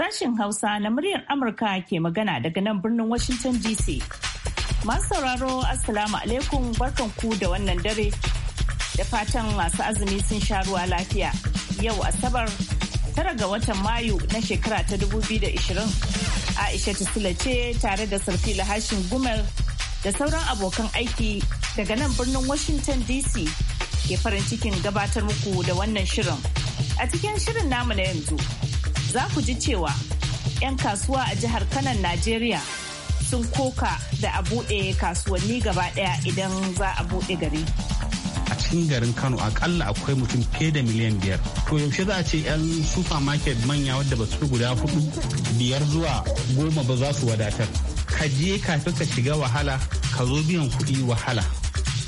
Sashen Hausa na muryar Amurka ke magana daga nan birnin Washington DC. Masu sauraro Assalamu alaikum ku da wannan dare. Da fatan masu azumi sun sha ruwa lafiya. Yau Asabar tara ga watan Mayu na shekara ta 2020. Aisha ta ce tare da Sarfila Lahashin Gumel da sauran abokan aiki daga nan birnin Washington DC ke farin cikin gabatar muku da wannan shirin. A cikin shirin namu na yanzu. za ku ji cewa 'yan kasuwa a jihar kanan najeriya sun koka da a buɗe kasuwanni gaba ɗaya idan za a buɗe gari a cikin garin kano akalla akwai mutum fiye da miliyan biyar to yaushe za a ce 'yan supermarket manya wadda ba su guda hudu biyar zuwa goma ba za su wadatar ka je kafin ka shiga wahala ka zo biyan kuɗi wahala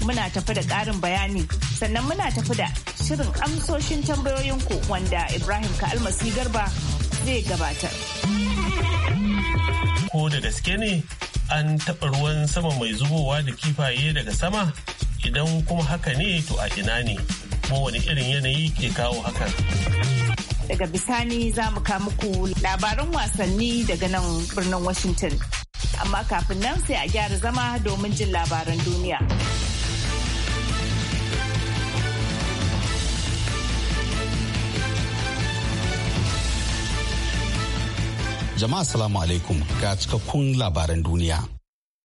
muna tafi da ƙarin bayani sannan muna tafi da shirin amsoshin tambayoyinku wanda ibrahim ka almasi garba zai gabatar. Ko da gaske ne an taɓa ruwan sama mai zubowa da kifaye daga sama idan kuma haka ne to a ina ne kuma wani irin yanayi ke kawo hakan. Daga bisani za mu muku labaran wasanni daga nan birnin Washington. Amma kafin nan sai a gyara zama domin jin labaran duniya. Jama'a salamu alaikum ga cikakkun labaran duniya.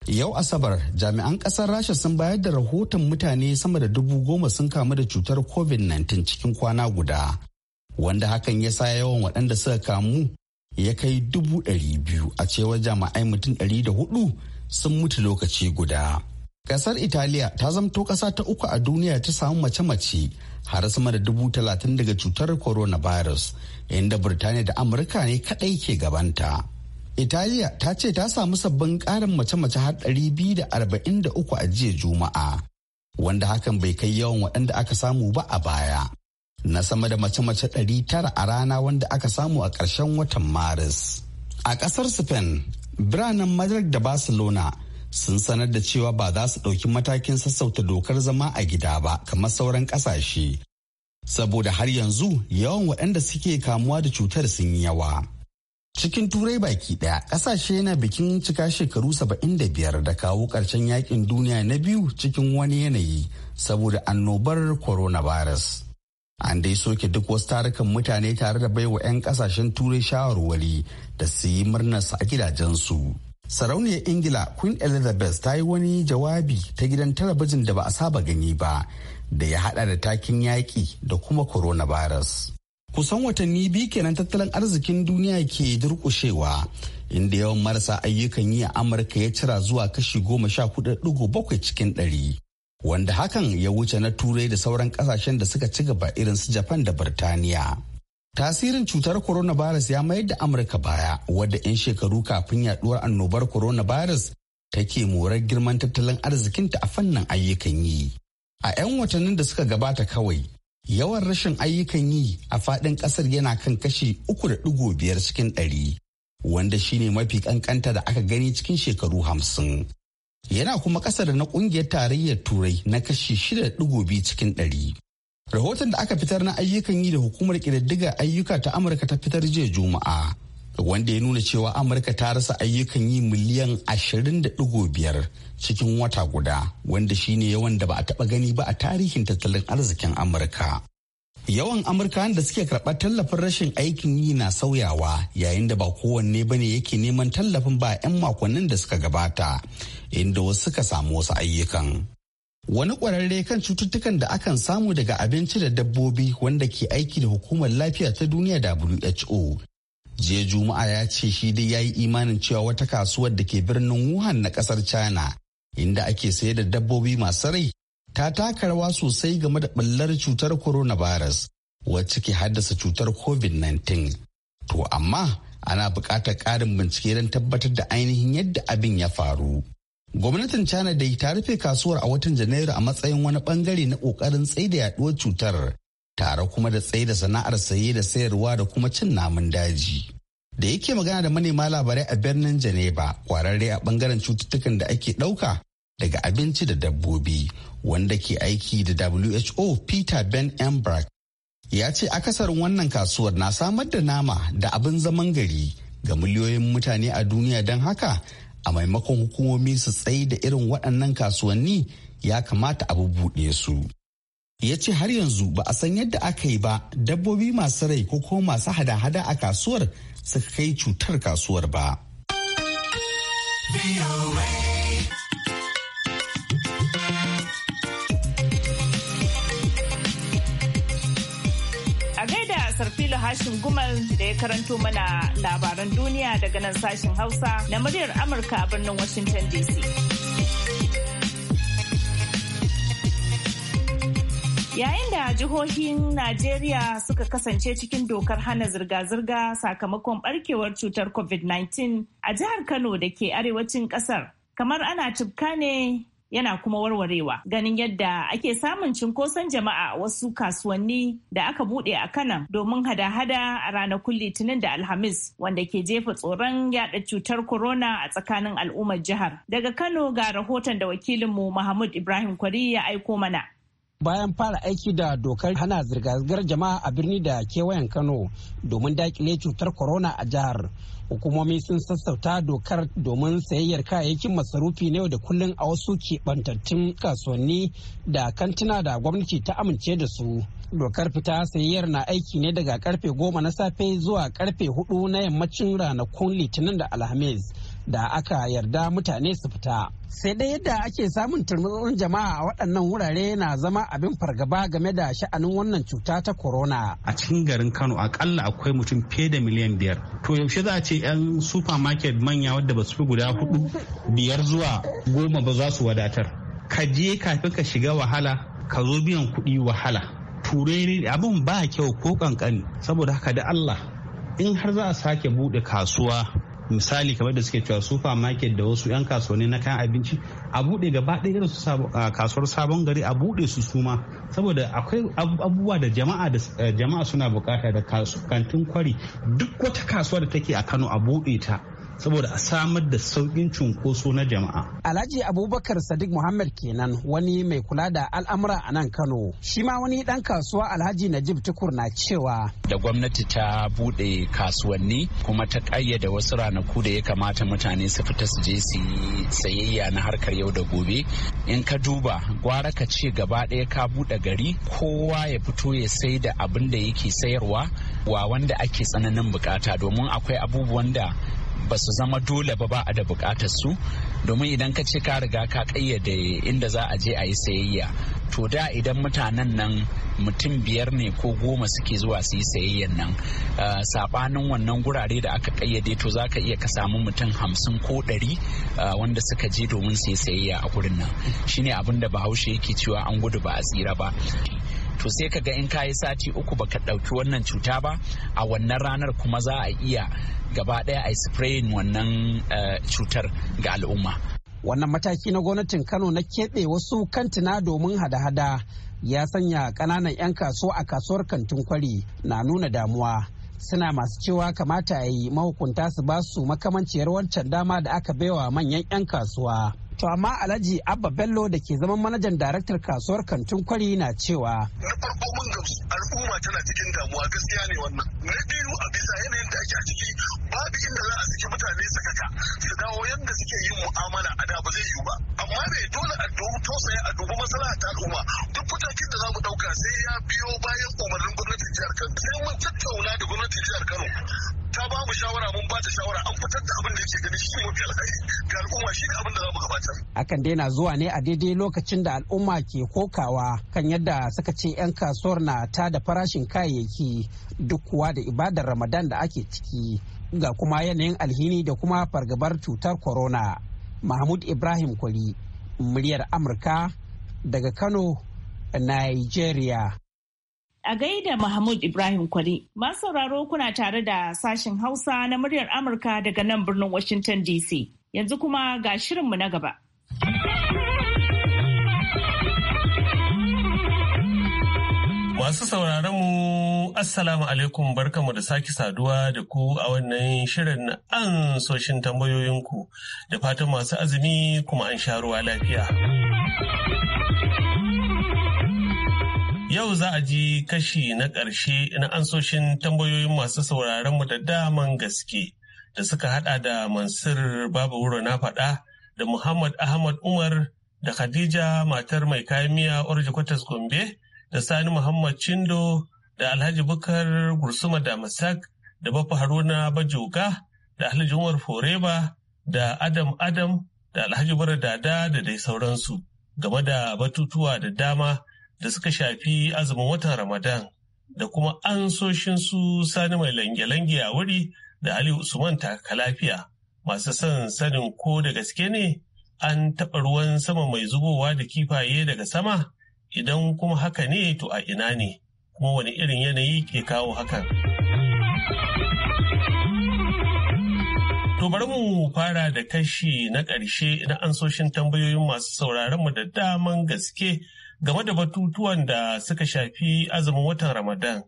Yau Asabar jami'an kasar Rasha sun bayar da rahoton mutane sama da dubu goma sun kamu da cutar COVID-19 cikin kwana guda. Wanda hakan ya sa yawan waɗanda suka kamu ya kai dubu ɗari biyu a cewar jami'ai mutum ɗari da hudu sun mutu lokaci guda. Kasar Italiya ta zamto kasa ta uku a duniya ta samu mace-mace har sama da dubu talatin daga cutar coronavirus inda Birtaniya da Amurka ne kadai ke gabanta. Italiya ta ce ta samu sabbin ƙarin mace-mace har ɗari biyu da arba'in da uku a jiya Juma'a, wanda hakan bai kai yawan waɗanda aka samu ba a baya. Na sama da mace-mace ɗari tara a rana wanda aka samu a ƙarshen watan Maris. A ƙasar Spain, biranen Madrid da Barcelona sun sanar da cewa ba za su ɗauki matakin sassauta dokar zama a gida ba kamar sauran ƙasashe saboda har yanzu yawan waɗanda suke kamuwa da cutar sun yi yawa cikin turai baki ɗaya ƙasashe na bikin cika shekaru saba'in da biyar da kawo ƙarshen yakin duniya na biyu cikin wani yanayi saboda annobar coronavirus an dai soke duk wasu tarukan mutane tare da baiwa 'yan ƙasashen turai shawarwari da su yi murnarsa a gidajensu. Sarauniyar Ingila Queen Elizabeth ta yi wani jawabi ta gidan talabijin da ba a saba gani ba da ya hada da takin yaƙi da kuma coronavirus. Kusan watanni biyu kenan tattalin arzikin duniya ke durƙushewa inda yawan marasa ayyukan yi a Amurka ya cira zuwa kashi goma sha kuɗi dugu bakwai cikin ɗari. Wanda hakan ya wuce na Turai da sauran ƙasashen da suka ci gaba irin su Japan da Birtaniya. Tasirin cutar coronavirus ya mayar da Amurka baya wadda 'yan shekaru kafin yaduwar annobar coronavirus take morar girman tattalin arzikinta a fannin ayyukan yi. A 'yan watannin da suka gabata kawai, yawan rashin ayyukan yi a faɗin ƙasar yana kan kashi uku da ɗigo biyar cikin ɗari, wanda shine mafi kankanta da aka gani cikin shekaru hamsin. Yana kuma ƙasa da na ƙungiyar tarayyar Turai na kashi shida da ɗigo biyu cikin ɗari. rahoton da aka fitar na ayyukan yi da hukumar kididdiga ayyuka ta amurka ta fitar jiya juma'a wanda ya nuna cewa amurka ta rasa ayyukan yi miliyan 20.5 cikin wata guda wanda shine yawan da ba a taɓa gani ba a tarihin tattalin arzikin amurka yawan amurkawan da suke karɓar tallafin rashin aikin yi na sauyawa yayin da ba kowanne ba ne yake neman tallafin ba 'yan makonnin da suka gabata inda wasu suka samu wasu ayyukan wani kwararre kan cututtukan da akan samu daga abinci da dabbobi wanda ke aiki da hukumar lafiya ta duniya da who jiya juma'a ya ce shi dai ya yi imanin cewa wata kasuwar da ke birnin wuhan na kasar china inda ake sayar da dabbobi masu rai ta taka rawa sosai game da ɓallar cutar coronavirus wacce ke haddasa cutar covid-19 to amma ana buƙatar ƙarin bincike don tabbatar da ainihin yadda abin ya faru Gwamnatin China dai ta rufe kasuwar a watan Janairu a matsayin wani bangare na kokarin tsaida yaduwar cutar, tare kuma da tsaida sana'ar saye da sayarwa da kuma cin namun daji. Da yake magana da manema labarai a birnin Janeba, kwararre a bangaren cututtukan da ake ɗauka daga abinci da dabbobi, wanda ke aiki da WHO Peter Ben Embrack ya ce akasarin wannan kasuwar na samar da nama da abin zaman gari ga miliyoyin mutane a duniya don haka a maimakon hukumomi su tsayi da irin waɗannan kasuwanni ya kamata a bubuɗe su ya ce har yanzu ba a san yadda aka yi ba dabbobi masu rai ko kuma masu hada-hada a kasuwar suka kai cutar kasuwar ba. sashin Gumal da ya karanto mana labaran duniya daga nan sashen Hausa na muryar Amurka a birnin Washington DC. Yayin da jihohin Najeriya suka kasance cikin dokar hana zirga-zirga sakamakon barkewar cutar COVID-19 a jihar Kano da ke arewacin kasar, kamar ana cibka ne yana kuma warwarewa ganin yadda ake samun cinkoson jama'a wasu kasuwanni da aka bude a kanan domin hada-hada a ranakun litinin da alhamis wanda ke jefa tsoron yada cutar corona a tsakanin al'ummar jihar daga kano ga rahoton da wakilinmu mahmud ibrahim kwari ya aiko mana bayan fara aiki da dokar hana zirga-zirgar jama'a a birni da kewayen kano domin dakile cutar corona a jihar hukumomi sun sassauta dokar domin sayayyar kayayyakin masarufi na yau da kullun a wasu keɓantattun kasuwanni da kantina da gwamnati ta amince da su dokar fita sayayyar na aiki ne daga karfe goma na safe zuwa karfe hudu na yammacin ranakun litinin da alhamis da aka yarda mutane su fita sai dai yadda ake samun turmutsun jama'a a waɗannan wurare na zama abin fargaba game da sha'anin wannan cuta ta corona a cikin garin kano akalla akwai mutum fiye da miliyan biyar to yaushe za a ce yan supermarket manya wadda ba su fi guda hudu biyar zuwa goma ba za su wadatar ka je kafin ka shiga wahala ka zo biyan kuɗi wahala turai abin ba kyau ko kankani saboda haka da allah in har za a sake buɗe kasuwa misali kamar da suke cewa market da wasu 'yan kasuwanni na kayan abinci a bude gaba ɗaya irin su kasuwar sabon gari a bude su suma saboda akwai abubuwa da jama'a da eh, jama'a suna bukata da kantin kwari duk wata kasuwa da take a kano a bude ta saboda a samar da saukin cunkoso na jama'a. Alhaji Abubakar Sadiq Muhammad kenan wani mai kula da al'amura a nan Kano. Shi ma wani dan kasuwa Alhaji Najib Tukur na cewa. Da gwamnati ta buɗe kasuwanni kuma ta ƙayyade wasu ranaku da ya kamata mutane su fita su je su sayayya na harkar yau da gobe. In ka duba gwara ka ce gaba ɗaya ka buɗe gari kowa ya fito ya sai da abin da yake sayarwa wa wanda ake tsananin bukata domin akwai abubuwan da ba su zama dole ba ba a da bukatar su domin idan ka ce ka riga ka kayyade inda za a je a yi sayayya to da idan mutanen nan mutum biyar ne ko goma suke zuwa su yi sayayyan nan eh, sabanin wannan gurare da aka kayyade to za ka iya ka samu mutum hamsin ko ɗari eh, wanda suka je domin su yi sayayya a gurin nan shine abin da bahaushe yake cewa an gudu ba a tsira ba to sai ka ga in kayi sati uku baka ɗauki wannan cuta ba a wannan ranar kuma za a iya gaba ɗaya a sprayin wannan eh, cutar ga al'umma wannan mataki na gwamnatin kano na keɓe wasu kantina domin hada-hada ya sanya ƙananan 'yan kasuwa a kasuwar kantin kwari na nuna damuwa suna masu cewa kamata ya yi mahukunta su basu su makamanciyar wancan dama da aka baiwa manyan 'yan kasuwa To amma Alhaji Abba Bello da ke zaman manajan daraktar kasuwar kantin kwari na cewa. Na farko mun gamsu al'umma tana cikin damuwa gaskiya ne wannan. Na biyu a bisa yanayin da ake a ciki babu inda za a saki mutane sakaka su dawo yadda suke yin mu'amala a da ba zai yiwu ba. Amma ne dole a tausaya a dubu masala ta al'umma duk matakin da za mu ɗauka sai ya biyo bayan umarnin gwamnatin jihar Kano sai mun tattauna da gwamnatin jihar Kano ta ba mu shawara mun ba ta shawara an fitar da abin da yake gani shi mafi alhari ga al'umma shi ne abin da za mu gabatar. Akan dai zuwa ne a daidai lokacin da al'umma ke kokawa kan yadda suka ce 'yan kasuwar na ta da farashin kayayyaki duk kuwa da ibadar Ramadan da ake ciki ga kuma yanayin alhini da kuma fargabar cutar corona. Mahmud Ibrahim Kwali, muryar Amurka daga Kano, Nigeria. A gaida Mahmud Ibrahim Kwari, masu sauraro kuna tare da sashen Hausa na muryar Amurka daga nan birnin Washington DC. Yanzu kuma ga shirinmu na gaba. Masu sauraron mu Assalamu alaikum barkamu da sake saduwa da ku a wannan shirin an soshin tambayoyinku da fatan masu azumi kuma an sha ruwa lafiya. Yau za a ji kashi na ƙarshe na ansoshin tambayoyin masu sauraron mu da daman gaske da suka hada da Mansur Babu Wuro na faɗa da Muhammad Ahmad Umar da Khadija matar mai kayan miya Orji Kwatas Gombe da Sani Muhammad Chindo da Alhaji Bukar Gursuma da Masak da Bafa Haruna Bajoga da Alhaji Umar Foreba da Adam Adam da Alhaji Bara Dada da dai sauransu game da batutuwa da dama da suka shafi azumin watan Ramadan da kuma ansoshin su sani mai lange-lange a wuri da Ali Usman taka lafiya masu son sanin ko da gaske ne an taɓa ruwan sama mai zubowa da kifaye daga sama idan kuma haka ne to a ina ne kuma wani irin yanayi ke kawo hakan. To bari mu fara da kashi na ƙarshe na ansoshin tambayoyin masu sauraron mu da daman gaske game da batutuwan da suka shafi azumin watan Ramadan.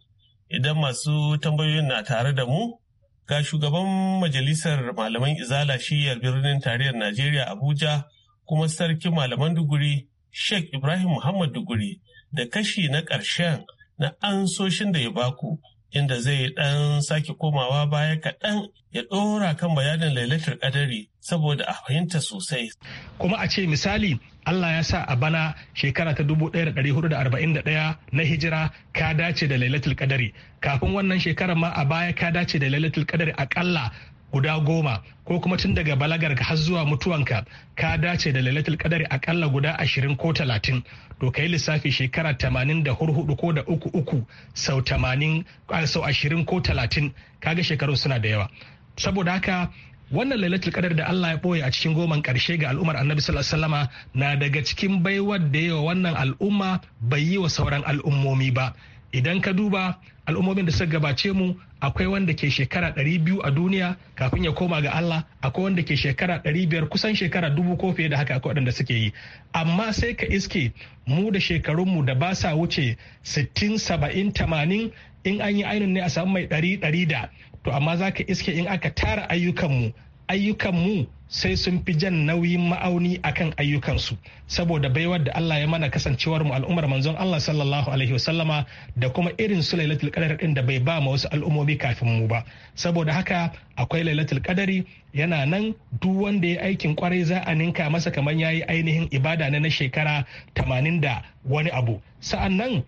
Idan masu tambayoyin na tare da mu, ga shugaban majalisar malaman izala shiyar birnin tarayyar Najeriya Abuja kuma Sarki malaman duguri Sheikh Ibrahim Muhammad duguri da kashi na ƙarshen na ansoshin da ya baku inda zai ɗan sake komawa baya kaɗan ya ɗora kan bayanin lailatar ƙadari saboda a fahimta sosai. Kuma a ce misali Allah ya sa a bana shekara ta dubu ɗaya da da 1441 na hijira ka dace da lailatul ƙadari. Kafin wannan shekarar ma a baya ka dace da lailatul ƙadari akalla guda goma ko kuma tun daga balagar ka har zuwa mutuwanka ka dace da lalatul kadari akalla guda ashirin ko talatin to ka yi lissafi shekara tamanin da hurhudu ko da uku uku sau tamanin sau ashirin ko talatin kaga shekarun suna da yawa saboda haka wannan lalatul kadar da Allah ya boye a cikin goman karshe ga al'ummar Annabi sallallahu alaihi wasallama na daga cikin baiwar da yawa wannan al'umma bai yi wa sauran al'ummomi ba idan ka duba al'ummomin da suka gabace mu akwai wanda ke shekara 200 a duniya kafin ya koma ga Allah akwai wanda ke shekara 500 kusan shekara dubu ko fiye da haka akwai waɗanda suke yi amma sai ka iske mu da shekarunmu da ba sa wuce 60 70 80 in an yi ainin ne a samu mai 100 100 da to amma za ka iske in aka tara ayyukan mu ayyukan mu. sai sun fi jan nauyin ma'auni akan ayyukansu saboda baiwar da Allah ya mana kasancewar mu al'ummar manzon Allah sallallahu alaihi wasallama da kuma irin su lailatul qadar din da bai ba ma wasu al'ummomi kafin mu ba saboda haka akwai lailatul qadari yana nan duk wanda ya aikin kwarai za a ninka masa kamar yayi ainihin ibada ne na shekara 80 da wani abu sa'annan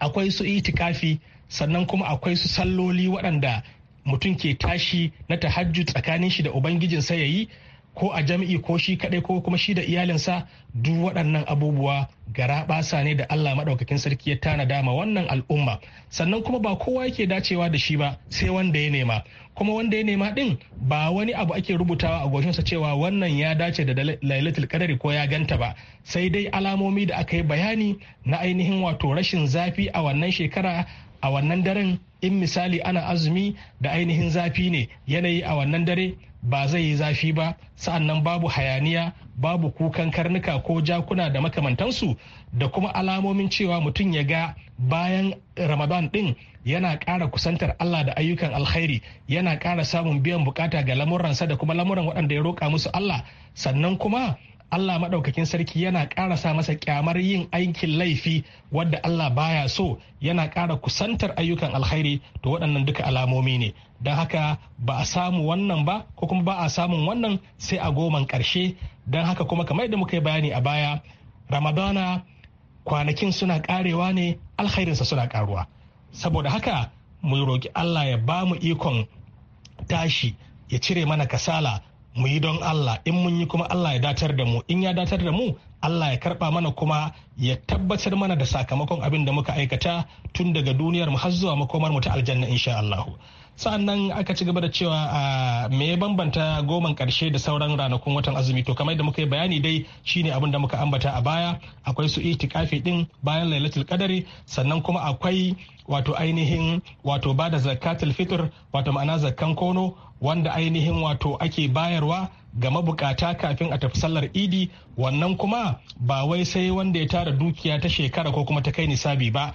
akwai su itikafi sannan kuma akwai su salloli waɗanda mutum ke tashi na tahajjud tsakanin shi da ubangijinsa ya yi ko a jami'i ko shi kadai ko kuma shi da iyalinsa duk waɗannan abubuwa gara basa ne da Allah maɗaukakin sarki ya tana ma wannan al'umma sannan kuma ba kowa yake dacewa da shi ba sai wanda ya nema kuma wanda ya nema din ba wani abu ake rubutawa a goshinsa cewa wannan ya dace da lailatul qadari ko ya ganta ba sai dai alamomi da aka yi bayani na ainihin wato rashin zafi a wannan shekara a wannan daren in misali ana azumi da ainihin zafi ne yanayi a wannan dare ba zai yi zafi ba sa'annan babu hayaniya babu kukan karnuka ko jakuna da makamantansu da kuma alamomin cewa mutum ya ga bayan ramadan din yana ƙara kusantar allah da ayyukan alkhairi yana ƙara samun biyan bukata ga lamuransa da kuma lamuran waɗanda ya roƙa musu allah sannan kuma Allah maɗaukakin sarki yana ƙara sa masa kyamar yin aikin laifi wadda Allah baya so yana ƙara kusantar ayyukan alkhairi to waɗannan duka alamomi ne don haka ba a samu wannan ba ko kuma ba a samun wannan sai a goman ƙarshe don haka kuma kamar da muka yi bayani a baya ramadana kwanakin suna ƙarewa ne alkhairinsa suna ƙaruwa saboda haka mu roƙi Allah ya ba mu ikon tashi ya cire mana kasala mu yi don Allah in mun yi kuma Allah ya datar da mu in ya datar da mu Allah ya karba mana kuma ya tabbatar mana da sakamakon abin da muka aikata tun daga duniyar mu har zuwa makomar mu ta aljanna insha Allah sa'annan aka ci gaba da cewa a me ya bambanta goman karshe da sauran ranakun watan azumi to kamar da muka yi bayani dai shine abin da muka ambata a baya akwai su itikafi din bayan lailatul qadari sannan kuma akwai wato ainihin wato bada zakatul fitr wato ma'ana zakkan kono wanda ainihin wato ake bayarwa ga mabukata kafin a tafi sallar idi wannan kuma ba wai sai wanda ya tara dukiya ta shekara ko kuma ta kai nisabi ba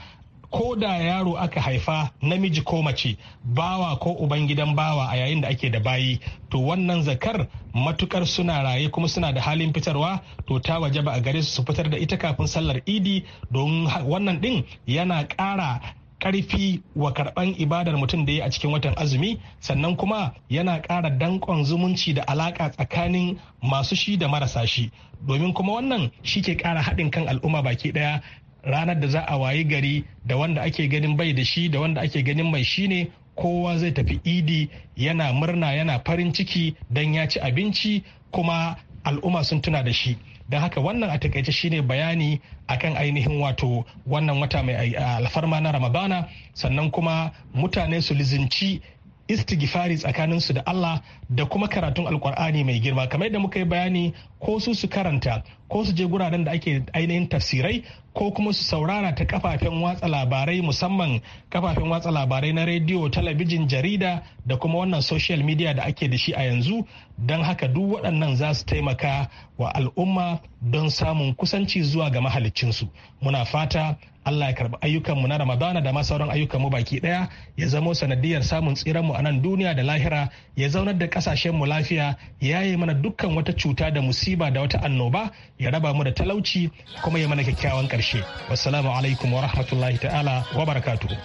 ko da yaro aka haifa namiji ko mace bawa ko ubangidan bawa a yayin da ake da bayi to wannan zakar matukar suna raye kuma suna da halin fitarwa to ta waje ba a gare su su fitar da ita kafin sallar idi don wannan din yana kara. karfi wa karban ibadar mutum da ya a cikin watan azumi sannan kuma yana ƙara dankon zumunci da alaƙa tsakanin masu shi da marasa shi domin kuma wannan shi ke ƙara haɗin kan al'umma baki ɗaya ranar da za a wayi gari da wanda ake ganin bai da shi da wanda ake ganin mai shi ne kowa zai tafi idi yana murna yana farin ciki don ya ci abinci kuma al'umma sun tuna da shi don haka wannan a takaice shine bayani akan ainihin wato wannan wata mai eh, alfarma na ramadana sannan kuma mutane su lizinci istighfari su da Allah da kuma karatun alkur'ani mai girma kamar yadda muka yi bayani ko su su karanta ko su je guraren da ake ainihin tafsirai ko kuma su saurara ta kafafen watsa labarai musamman kafafen watsa labarai na rediyo talabijin jarida da kuma wannan social media da ake da shi a yanzu don haka duk waɗannan za su taimaka wa al'umma don samun kusanci zuwa ga mahaliccinsu muna fata allah ya karɓi ayyukanmu na ramadana da ma sauran ayyukanmu baki ɗaya ya zamo sanadiyar samun tsiranmu a nan duniya da lahira ya zaunar da ƙasashenmu lafiya ya yi mana dukkan wata cuta da musiba da wata annoba ya raba mu da talauci kuma ya mana kyakkyawan ƙarshe wassalamu alaikum wa rahmatullahi ta'ala wa barakatuhu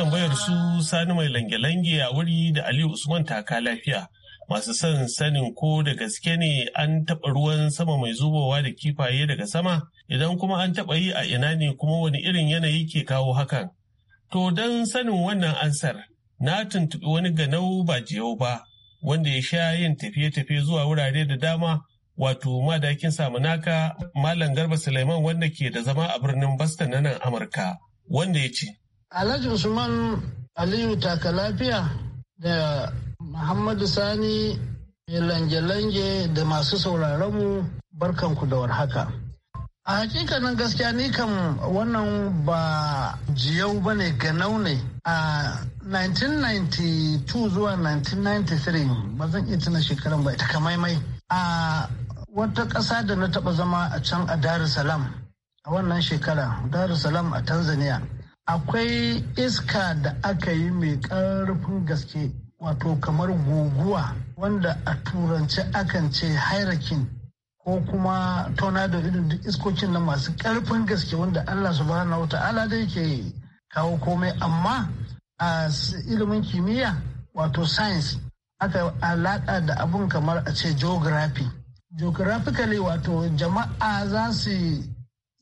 tambayar su sani mai lange-lange a wuri da aliyu usman taka lafiya masu son sanin ko da gaske ne an taɓa ruwan sama mai zubowa da kifaye daga sama idan kuma an taɓa yi a ina ne kuma wani irin yanayi ke kawo hakan to don sanin wannan ansar na tuntuɓi wani ganau ba jiyau ba wanda ya sha yin tafiye-tafiye zuwa wurare da dama wato madakin samunaka malam garba suleiman wanda ke da zama a birnin boston na nan amurka wanda ya ce Alhaji Usman Aliyu taka lafiya da Muhammadu Sani mai lange-lange da masu sauraronmu barkanku da warhaka. A hakikanin gaskiya ni kam wannan ba jiyau ba ne ganau ne a 1992 zuwa 1993 ba zan iya tuna shekaran ba ita a wata ƙasa da na taɓa zama a can a Dar es Salaam a wannan shekara Dar es Salaam a Tanzania. akwai iska da aka yi mai ƙarfin gaske wato kamar guguwa wanda a turance akan ce hairakin ko kuma tornado irin duk iskokin na masu ƙarfin gaske wanda Allah subhanahu ala da yake kawo komai amma a ilimin kimiyya wato science aka alaƙa da abun kamar a ce geography geographically wato jama'a za su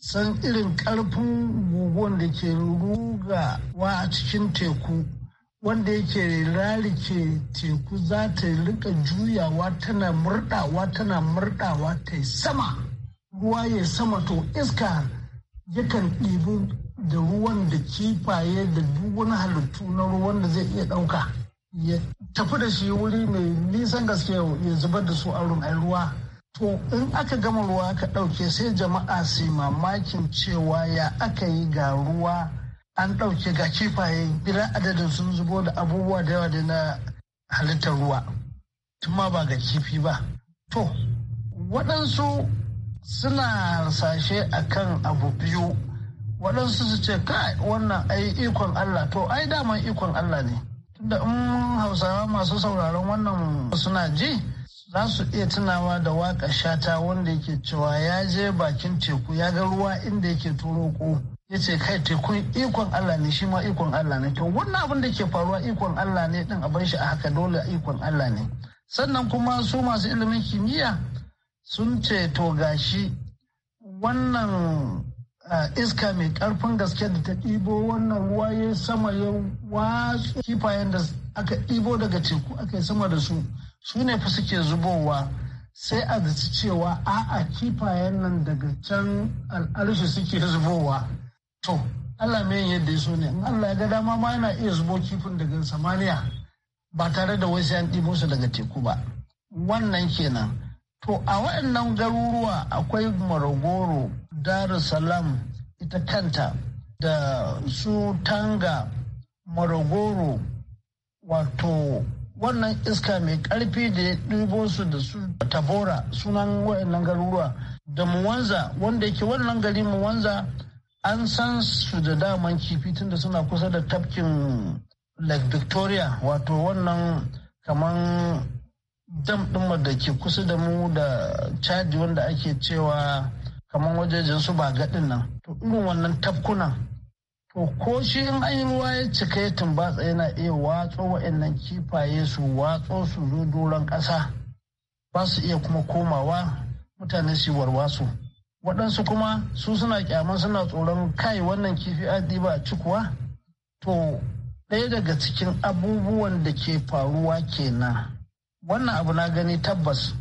san irin ƙarfin guguwan da ke rugawa a cikin teku wanda yake rarike teku za ta rika juyawa tana murɗawa tana murɗawa ta sama ruwa ya sama to iska yakan ɗibi da ruwan da kifaye da duk halittu na ruwan da zai iya ɗauka ya tafi da shi wuri mai nisan gaske ya zubar da su a ruwa To in aka gama ruwa aka ɗauke sai jama'a su mamakin cewa ya aka yi ga ruwa an ɗauke ga kifaye bila adadin sun zubo da abubuwa da yawa da na halittar ruwa. Tuma ba ga kifi ba. To, waɗansu suna sashe a kan abu biyu. Waɗansu su ce, kai wannan ai ikon Allah, to ai daman ikon Allah ne. Tunda in hausawa masu sauraron wannan suna ji. za su iya tunawa da waƙa shata wanda yake cewa ya je bakin teku ya ga ruwa inda yake turo ko ya ce kai tekun ikon Allah ne shi ma ikon Allah ne to wannan abin da ke faruwa ikon Allah ne din abin shi a haka dole ikon Allah ne sannan kuma su masu ilimin kimiyya sun ce to gashi wannan iska mai karfin gaske da ta ɗibo wannan ruwa ya sama ya watsu kifayen da aka ɗibo daga teku aka yi sama da su su ne fa suke zubowa sai a zaci cewa a'a kifayen nan daga can al'arshi suke zubowa to Allah mai yadda ya so ne Allah ya ga dama ma yana iya zubo kifin daga samaniya ba tare da wasu an ɗibo su daga teku ba wannan kenan to a waɗannan garuruwa akwai marogoro darussalam ita kanta da su tanga marogoro wato wannan iska mai karfi da ya ɗibo su da su tabora sunan waɗannan garuruwa da muwanza wanda yake wannan gari muwanza an san su da daman kifi tunda suna kusa da tafkin lake victoria wato wannan kaman dam ɗinmu da ke kusa da mu da chadi wanda ake cewa kaman wajejen su ba gaɗin nan to irin wannan tafkunan ko shi in an yi ruwa ya cika ya tumbatsa yana iya watso wa'annan kifaye su watso su zo doron ƙasa ba su iya kuma komawa mutane su su waɗansu kuma su suna kyaman suna tsoron kai wannan kifi adi ba a cikuwa to ɗaya daga cikin abubuwan da ke faruwa kenan wannan abu na gani tabbas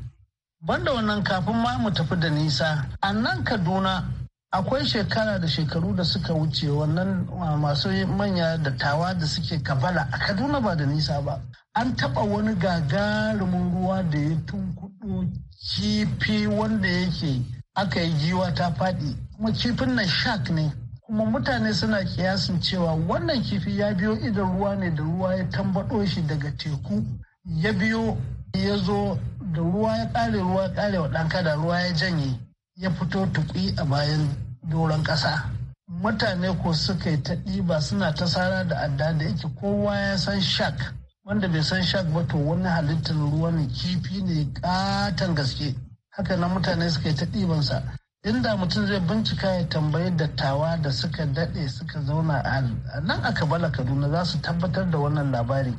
banda wannan kafin ma mu tafi da nisa a nan kaduna akwai shekara da shekaru da suka wuce wannan uh, masu manya da tawa da suke kabala a kaduna ba da nisa ba an taba wani gagarumin ruwa da ya tunkuɗo kifi wanda yake aka yi giwa ta faɗi kuma kifin na shark ne kuma mutane suna kiyasin cewa wannan kifi ya biyo idan ruwa ne da ruwa ya tambaɗo shi daga teku ya biyo ya zo da ruwa ya ƙare ruwa ya ƙare wa ɗan kada ruwa ya janye ya fito tukui a bayan doron ƙasa mutane ko suka yi ta ɗiba suna ta sara da adda da yake kowa ya san shak wanda bai san shak ba to wani halittar ruwa ne kifi ne ƙaton gaske haka na mutane suka yi ta ɗibansa inda mutum zai bincika ya tambayi dattawa da suka daɗe suka zauna a nan a kabala kaduna za su tabbatar da wannan labari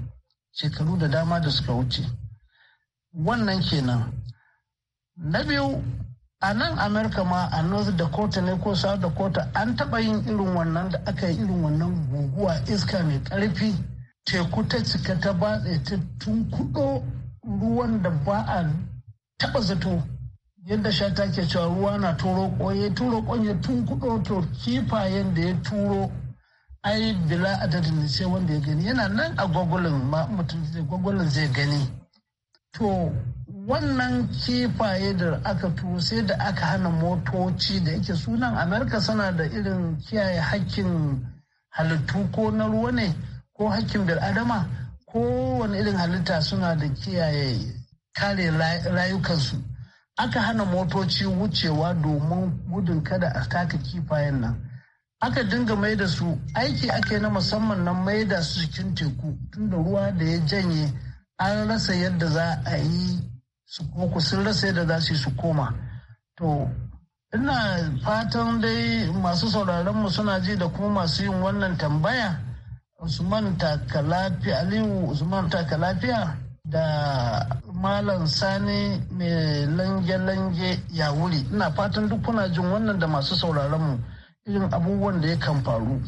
shekaru da dama da suka wuce wannan kenan na biyu a nan amurka ma a north dakota ne ko south dakota an taba yin irin wannan da aka yi irin wannan guguwa iska mai ƙarfi teku ta cika ta batse ta tunkuɗo ruwan da ba a taɓa zato yadda shata ke cewa ruwa na turo koye turo tun tunkuɗo to kifayen da ya turo ai bila adadin sai wanda ya gani yana nan a gwagwalin ma mutum zai gani to wannan kifaye da aka turo sai da aka hana motoci da yake sunan amerika suna da irin kiyaye hakkin halittu ko na ruwa ne ko hakkin bil'adama ko wani irin halitta suna da kiyaye kare rayukansu aka hana motoci wucewa domin gudun kada a taka kifayen nan aka dinga mai da su aiki ake na musamman na mai da su cikin teku tunda ruwa da ya janye an rasa yadda za a yi su kuma sun rasa yadda za su yi su koma to ina fatan dai masu mu suna ji da kuma masu yin wannan tambaya usman takalafi aliyu usman takalafiya da malam sani mai lange-lange ya wuri ina fatan duk kuna jin wannan da masu mu irin abubuwan da yakan faru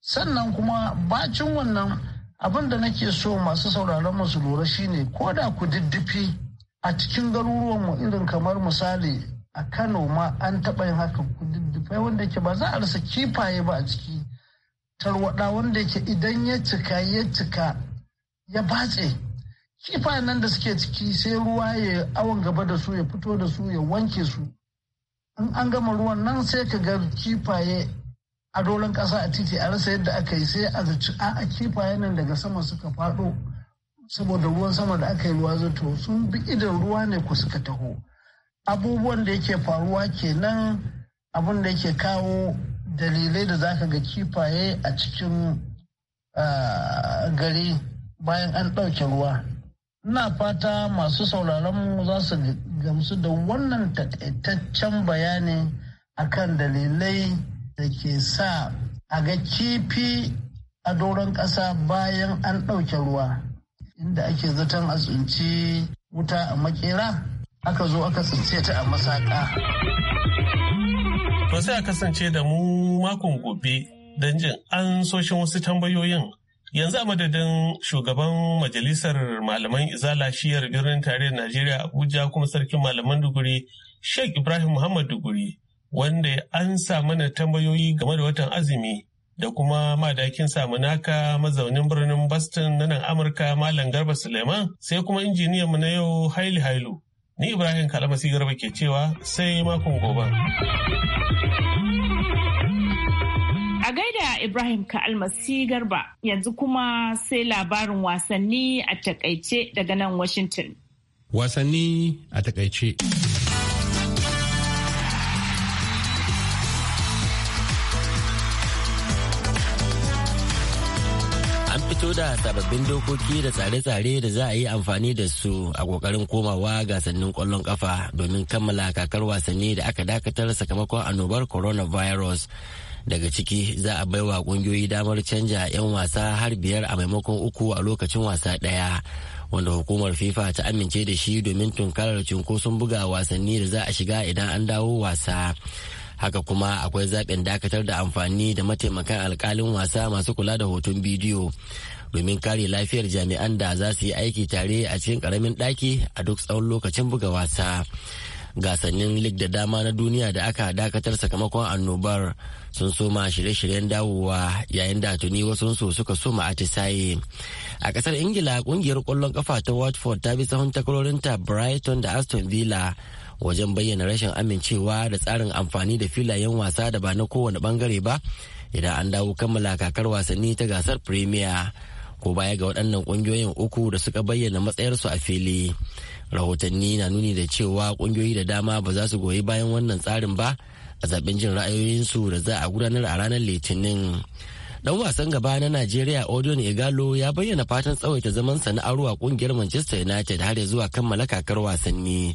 sannan kuma bacin wannan abin da nake so masu sauraron su lura shine ko da ku diddifi a cikin garuruwan mu irin kamar misali a kano ma an taɓa yin haka kududdufai wanda yake ba za a rasa kifaye ba a ciki tarwaɗa wanda yake idan ya cika ya cika ya batse kifayen nan da suke ciki sai ruwa ya awon gaba da su ya fito da su ya wanke su in an gama ruwan nan sai ka ga kifaye a doron ƙasa a titi a rasa yadda aka yi sai a zaci a kifayen nan daga sama suka faɗo saboda ruwan sama da aka yi ruwa zato sun bi idan ruwa ne ku suka taho abubuwan da yake faruwa kenan abin da yake kawo dalilai da zaka ga kifaye a cikin gari bayan an ɗauke ruwa ina fata masu sauraronmu za su gamsu da wannan takaitaccen bayani akan dalilai da ke sa a ga kifi a doron ƙasa bayan an ɗauke ruwa inda ake zaton a tsinci wuta a makera aka zo aka tsince ta a masaka. To sai a kasance da mu makon gobe don jin an soshin wasu tambayoyin yanzu a madadin shugaban majalisar malaman izala shiyar birnin tarihin najeriya abuja kuma sarkin malaman duguri sheikh ibrahim muhammad duguri wanda an ansa mana tambayoyi game da watan azumi da kuma madakin naka mazaunin birnin Boston na nan Amurka Malam Garba Suleiman sai kuma injiniyan mu na yau Haili Hailu. Ni Ibrahim Kalamasi Garba ke cewa sai makon gobe. A gaida Ibrahim Ka'almasi Garba yanzu kuma sai labarin wasanni a takaice daga nan Washington. Wasanni a takaice. fito da sababbin dokoki da tsare-tsare da za a yi amfani da su a kokarin komawa gasannin kwallon kafa domin kammala kakar wasanni da aka dakatar sakamakon annobar coronavirus daga ciki za a baiwa kungiyoyi damar canja 'yan wasa har biyar a maimakon uku a lokacin wasa daya wanda hukumar fifa ta amince da shi domin tunkarar cunkoson buga wasanni da za a shiga idan an dawo wasa. haka kuma akwai zaɓin dakatar da amfani da mataimakan alkalin wasa masu kula da hoton bidiyo domin kare lafiyar jami'an da za su yi aiki tare a cikin karamin ɗaki a duk tsawon lokacin buga wasa gasannin lig da dama na duniya da aka dakatar sakamakon annobar sun soma shirye-shiryen dawowa yayin da tuni wasu so suka soma atisaye a kasar ingila kungiyar kwallon kafa ta watford ta bi sahun takarorinta brighton da aston villa wajen bayyana rashin amincewa da tsarin amfani da filayen wasa da ba na kowane bangare ba idan an dawo kammala kakar wasanni ta gasar premier ko baya ga waɗannan ƙungiyoyin uku da suka bayyana matsayarsu a fili rahotanni na nuni da cewa ƙungiyoyi da dama ba za su goyi bayan wannan tsarin ba a zaben jin ra'ayoyinsu da za a gudanar a ranar litinin dan wasan gaba na Najeriya Odion Igalo ya bayyana fatan tsawaita zamansa na aruwa a kungiyar Manchester United har ya zuwa kammala kakar wasanni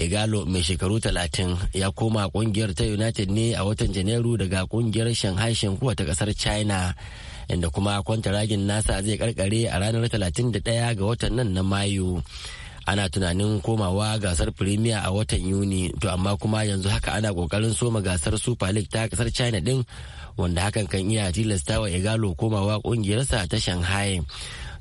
igalo mai shekaru 30 ya koma kungiyar ta united ne a watan janairu daga kungiyar shanghai shankuwa ta kasar china inda kuma kwanta ragin nasa zai karkare a ranar 31 ga watan nan na mayu ana tunanin komawa gasar premier a watan yuni to amma kuma yanzu haka ana kokarin soma gasar super league ta kasar china din wanda hakan kan iya tilasta wa igalo komawa kungiyarsa ta shanghai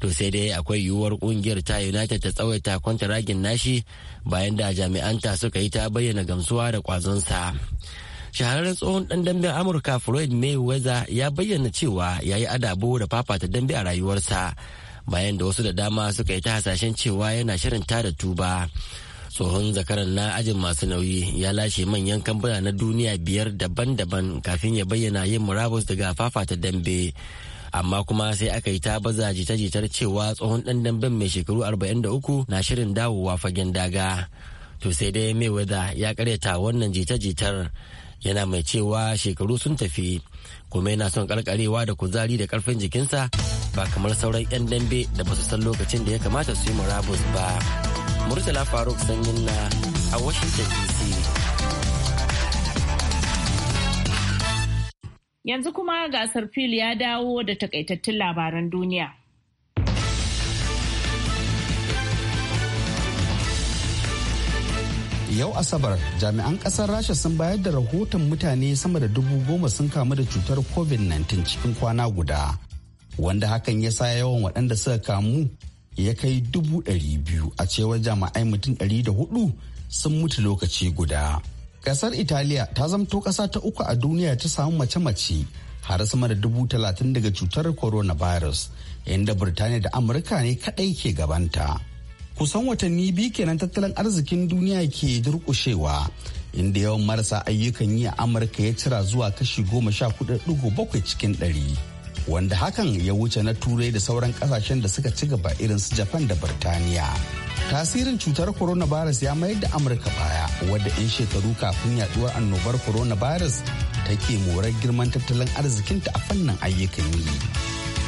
to sai dai akwai yiwuwar kungiyar ta united ta tsawaita ragin nashi bayan da jami'anta suka yi ta bayyana gamsuwa da kwazon sa. shahararren tsohon dan damben amurka floyd mayweather ya bayyana cewa ya yi adabo da fafata dambe a rayuwarsa bayan da wasu da dama suka yi ta hasashen cewa yana shirin tada tuba tsohon zakaran na ajin masu nauyi ya lashe manyan kambuna na duniya biyar daban-daban kafin ya bayyana yin murabus daga fafata dambe amma kuma sai aka yi ta baza jita-jitar cewa tsohon ɗan damben mai shekaru 43 na shirin dawowa fagen daga to sai dai mai wada ya karyata wannan jita-jitar yana mai cewa shekaru sun tafi kuma yana son karkarewa da kuzari da karfin jikinsa ba kamar sauran 'yan dambe da basu san lokacin da ya kamata su yi murabus ba murtala faruk sanyin na a washington dc Yanzu kuma gasar fil ya dawo da takaitattun labaran duniya. Yau Asabar jami'an ƙasar Rasha sun bayar da rahoton mutane sama da dubu goma sun kamu da cutar COVID-19 cikin kwana guda, wanda hakan ya sa yawan waɗanda suka kamu ya kai dubu ɗari biyu a cewar jami'ai mutum ɗari da hudu sun mutu lokaci guda. Kasar Italiya ta zamto kasa ta uku a duniya ta samu mace-mace har sama da dubu talatin daga cutar coronavirus inda Birtaniya da Amurka ne kadai ke gabanta. Kusan watanni biyu kenan tattalin arzikin duniya ke durkushewa inda yawan marasa ayyukan yi a Amurka ya cira zuwa kashi goma sha kudu bakwai cikin dari. wanda hakan ya wuce na turai da sauran kasashen da suka ci gaba irin su japan da birtaniya tasirin cutar coronavirus ya mayar da amurka baya wadda 'yan shekaru kafin yaduwar annobar coronavirus take morar girman tattalin arzikinta a fannin ayyukan yi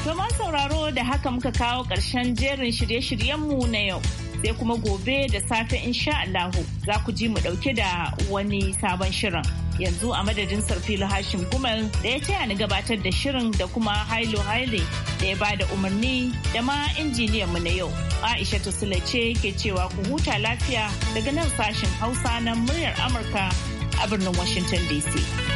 Domin sauraro da haka muka kawo ƙarshen jerin shirye-shiryenmu na yau sai kuma gobe da safe insha Allahu za ku ji mu ɗauke da wani sabon shirin. yanzu a madadin sarfilu hashim gumal da ya taya ni gabatar da shirin da kuma hailo haile da ya bada umarni da ma injiniyan mu na yau aisha tusula ce ke cewa ku huta lafiya daga nan sashen hausa na muryar amurka a birnin washington dc